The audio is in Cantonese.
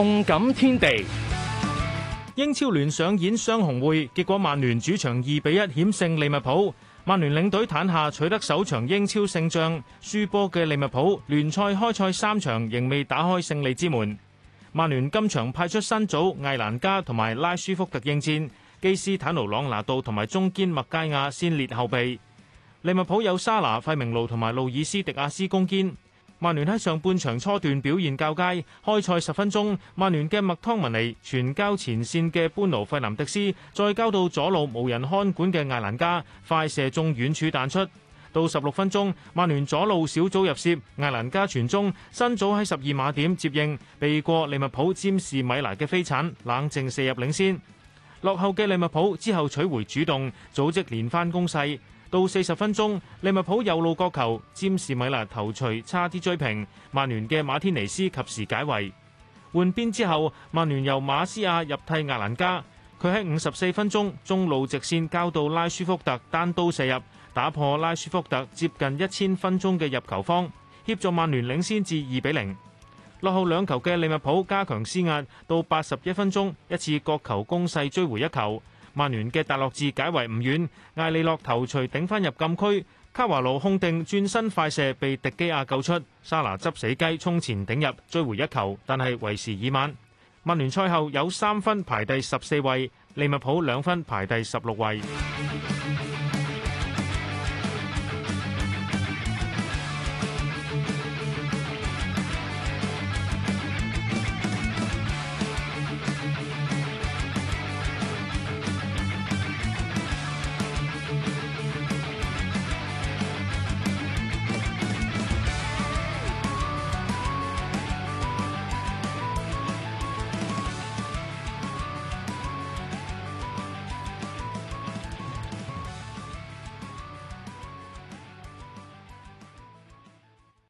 動感天地，英超聯上演雙紅會，結果曼聯主場二比一險勝利物浦。曼聯領隊坦夏取得首場英超勝仗，輸波嘅利物浦聯賽開賽三場仍未打開勝利之門。曼聯今場派出新組艾蘭加同埋拉舒福特應戰，基斯坦奴朗拿度同埋中堅麥加亞先列後備。利物浦有沙拿、費明路同埋路爾斯迪亞斯攻堅。曼聯喺上半場初段表現較佳，開賽十分鐘，曼聯嘅麥湯文尼傳交前線嘅般奴費南迪斯，再交到左路無人看管嘅艾蘭加，快射中遠處彈出。到十六分鐘，曼聯左路小組入楔，艾蘭加傳中，辛祖喺十二碼點接應，避過利物浦占士米拿嘅飛鏟，冷靜射入領先。落後嘅利物浦之後取回主動，組織連番攻勢。到四十分鐘，利物浦右路角球，詹士米拿頭槌差啲追平，曼聯嘅馬天尼斯及時解圍。換邊之後，曼聯由馬斯亞入替亞蘭加，佢喺五十四分鐘中路直線交到拉舒福特單刀射入，打破拉舒福特接近一千分鐘嘅入球荒，協助曼聯領先至二比零。落後兩球嘅利物浦加強施壓，到八十一分鐘一次角球攻勢追回一球。曼聯嘅達洛治解圍唔遠，艾利諾頭錘頂翻入禁區，卡華盧控定轉身快射被迪基亞救出，沙拿執死雞衝前頂入追回一球，但係為時已晚。曼聯賽後有三分排第十四位，利物浦兩分排第十六位。